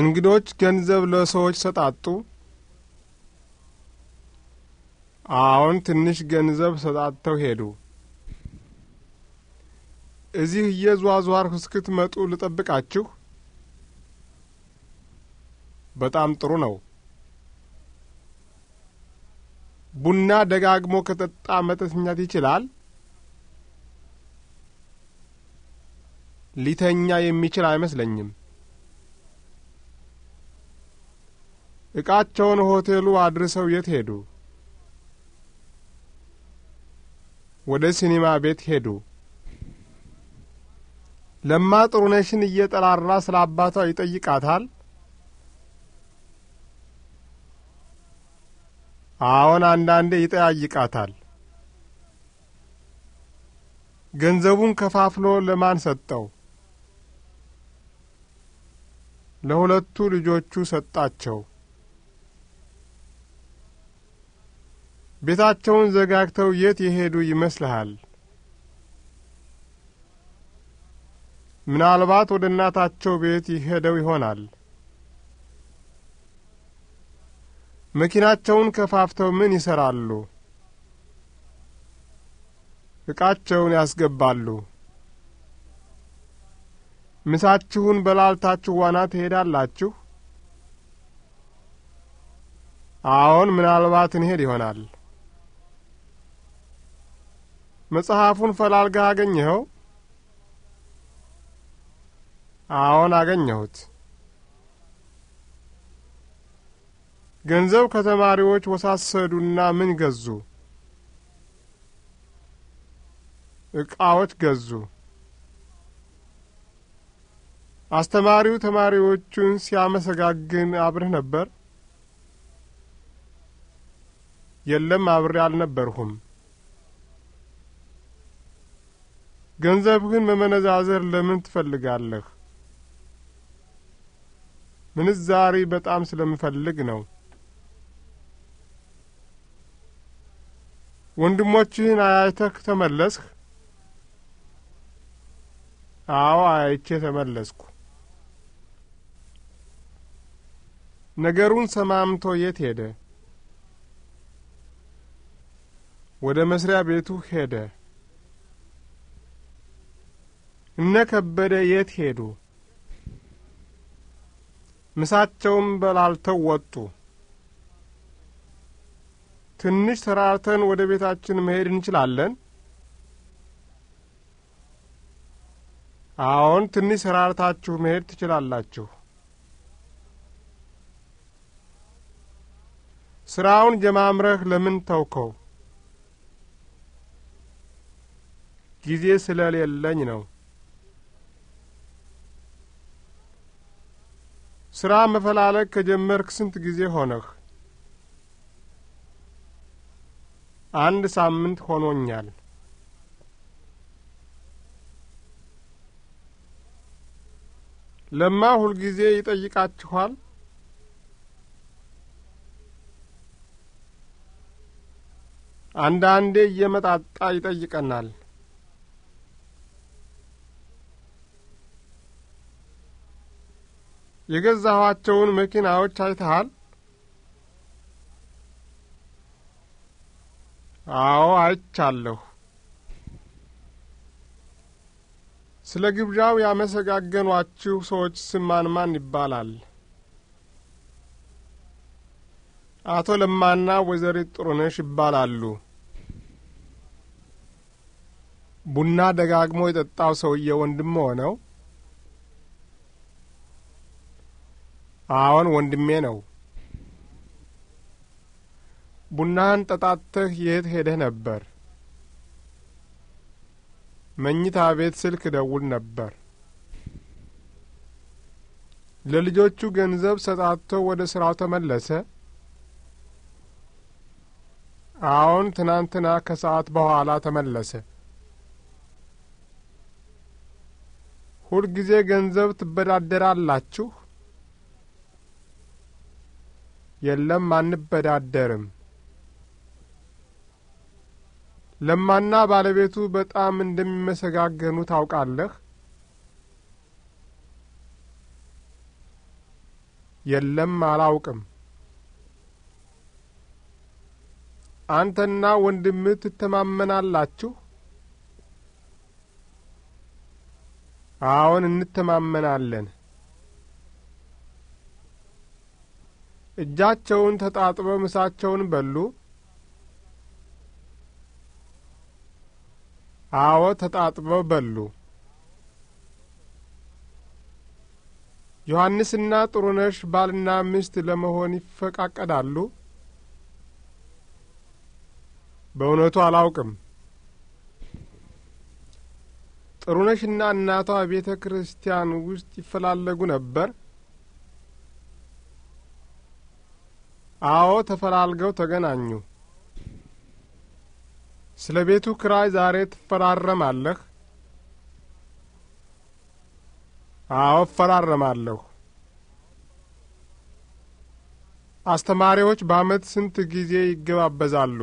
እንግዶች ገንዘብ ለሰዎች ሰጣጡ? አዎን፣ ትንሽ ገንዘብ ሰጣጥተው ሄዱ። እዚህ እየዟዟርሁ እስክትመጡ ልጠብቃችሁ? በጣም ጥሩ ነው። ቡና ደጋግሞ ከጠጣ መተኛት ይችላል? ሊተኛ የሚችል አይመስለኝም። ዕቃቸውን ሆቴሉ አድርሰው የት ሄዱ? ወደ ሲኒማ ቤት ሄዱ። ለማ ጥሩነሽን እየጠራራ ስለ አባቷ ይጠይቃታል። አዎን፣ አንዳንዴ ይጠያይቃታል። ገንዘቡን ከፋፍሎ ለማን ሰጠው? ለሁለቱ ልጆቹ ሰጣቸው። ቤታቸውን ዘጋግተው የት የሄዱ ይመስልሃል? ምናልባት ወደ እናታቸው ቤት ይሄደው ይሆናል። መኪናቸውን ከፋፍተው ምን ይሰራሉ? ዕቃቸውን ያስገባሉ። ምሳችሁን በላልታችሁ ዋና ትሄዳላችሁ? አዎን፣ ምናልባት እንሄድ ይሆናል። መጽሐፉን ፈላልገህ አገኘኸው? አዎን፣ አገኘሁት። ገንዘብ ከተማሪዎች ወሳሰዱና ምን ገዙ? ዕቃዎች ገዙ። አስተማሪው ተማሪዎቹን ሲያመሰጋግን አብረህ ነበር? የለም፣ አብሬ አልነበርሁም። ገንዘብህን መመነዛዘር ለምን ትፈልጋለህ? ምንዛሪ በጣም ስለምፈልግ ነው። ወንድሞችህን አያይተህ ተመለስህ? አዎ፣ አያይቼ ተመለስኩ። ነገሩን ሰማምቶ የት ሄደ? ወደ መስሪያ ቤቱ ሄደ። እነ ከበደ የት ሄዱ? ምሳቸውም በላልተው ወጡ። ትንሽ ተራርተን ወደ ቤታችን መሄድ እንችላለን? አዎን፣ ትንሽ ተራርታችሁ መሄድ ትችላላችሁ። ስራውን ጀማምረህ ለምን ተውከው? ጊዜ ስለሌለኝ ነው። ስራ መፈላለግ ከጀመርክ ስንት ጊዜ ሆነህ? አንድ ሳምንት ሆኖኛል። ለማ ሁልጊዜ ይጠይቃችኋል? አንዳንዴ እየመጣጣ ይጠይቀናል። የገዛኋቸውን መኪናዎች አይተሃል? አዎ አይቻለሁ። ስለ ግብዣው ያመሰጋገኗችሁ ሰዎች ስም ማን ማን ይባላል? አቶ ለማና ወይዘሪት ጥሩነሽ ይባላሉ። ቡና ደጋግሞ የጠጣው ሰውዬ ወንድም ሆነው? አዎን ወንድሜ ነው። ቡናህን ጠጣተህ የት ሄደህ ነበር? መኝታ ቤት ስልክ ደውል ነበር። ለልጆቹ ገንዘብ ሰጣቶ ወደ ስራው ተመለሰ? አሁን ትናንትና ከሰዓት በኋላ ተመለሰ። ሁልጊዜ ገንዘብ ትበዳደራላችሁ? የለም፣ አንበዳደርም። ለማና ባለቤቱ በጣም እንደሚመሰጋገኑ ታውቃለህ? የለም፣ አላውቅም። አንተና ወንድምህ ትተማመናላችሁ? አዎን እንተማመናለን። እጃቸውን ተጣጥበው ምሳቸውን በሉ? አዎ ተጣጥበው በሉ። ዮሐንስና ጥሩነሽ ባልና ሚስት ለመሆን ይፈቃቀዳሉ? በእውነቱ አላውቅም። ጥሩነሽና እናቷ ቤተ ክርስቲያን ውስጥ ይፈላለጉ ነበር? አዎ፣ ተፈላልገው ተገናኙ። ስለ ቤቱ ክራይ ዛሬ ትፈራረማለህ? አዎ፣ እፈራረማለሁ። አስተማሪዎች በአመት ስንት ጊዜ ይገባበዛሉ?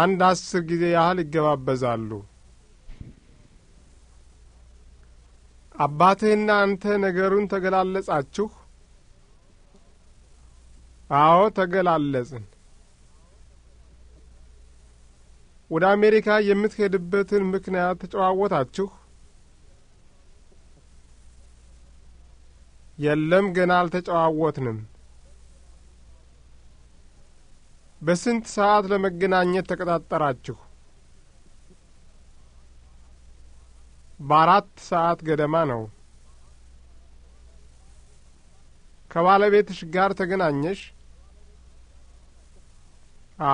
አንድ አስር ጊዜ ያህል ይገባበዛሉ። አባትህና አንተ ነገሩን ተገላለጻችሁ? አዎ ተገላለጽን። ወደ አሜሪካ የምትሄድበትን ምክንያት ተጨዋወታችሁ? የለም ገና አልተጨዋወትንም። በስንት ሰዓት ለመገናኘት ተቀጣጠራችሁ? በአራት ሰዓት ገደማ ነው። ከባለቤትሽ ጋር ተገናኘሽ?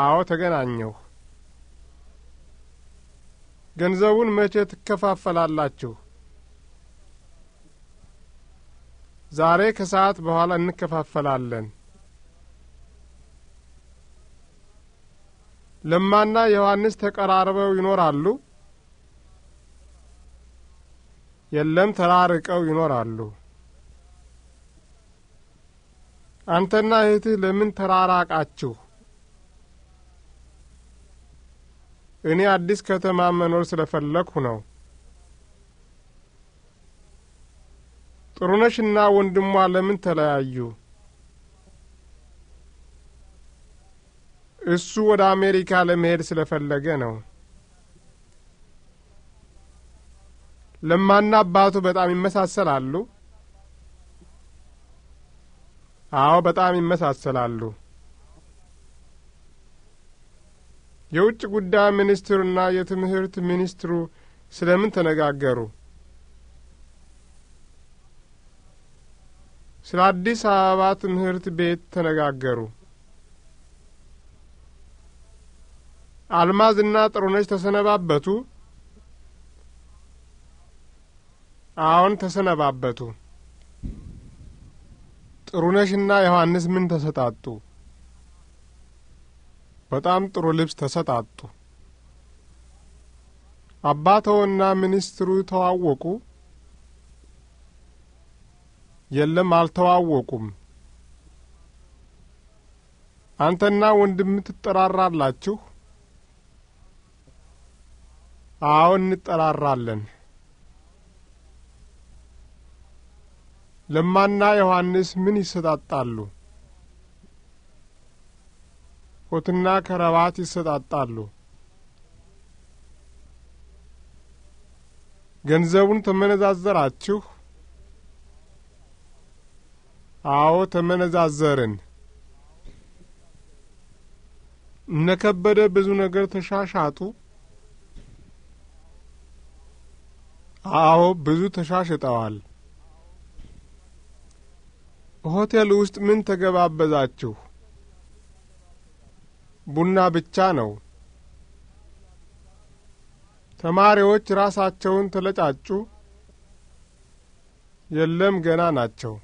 አዎ ተገናኘሁ። ገንዘቡን መቼ ትከፋፈላላችሁ? ዛሬ ከሰዓት በኋላ እንከፋፈላለን። ለማና ዮሐንስ ተቀራርበው ይኖራሉ? የለም፣ ተራርቀው ይኖራሉ። አንተና እህትህ ለምን ተራራቃችሁ? እኔ አዲስ ከተማ መኖር ስለፈለግሁ ነው። ጥሩነሽና ወንድሟ ለምን ተለያዩ? እሱ ወደ አሜሪካ ለመሄድ ስለፈለገ ነው። ለማና አባቱ በጣም ይመሳሰላሉ። አዎ፣ በጣም ይመሳሰላሉ። የውጭ ጉዳይ ሚኒስትሩና የትምህርት ሚኒስትሩ ስለምን ተነጋገሩ? ስለ አዲስ አበባ ትምህርት ቤት ተነጋገሩ። አልማዝና ጥሩነሽ ተሰነባበቱ። አዎን ተሰነባበቱ። ጥሩነሽና ዮሐንስ ምን ተሰጣጡ? በጣም ጥሩ ልብስ ተሰጣጡ። አባተውና ሚኒስትሩ ተዋወቁ? የለም አልተዋወቁም። አንተና ወንድም ትጠራራላችሁ? አዎ እንጠራራለን። ለማና ዮሐንስ ምን ይሰጣጣሉ? ኮትና ከረባት ይሰጣጣሉ። ገንዘቡን ተመነዛዘራችሁ? አዎ ተመነዛዘርን። እነከበደ ብዙ ነገር ተሻሻጡ። አዎ፣ ብዙ ተሻሽጠዋል። ሆቴል ውስጥ ምን ተገባበዛችሁ? ቡና ብቻ ነው። ተማሪዎች ራሳቸውን ተለጫጩ? የለም፣ ገና ናቸው።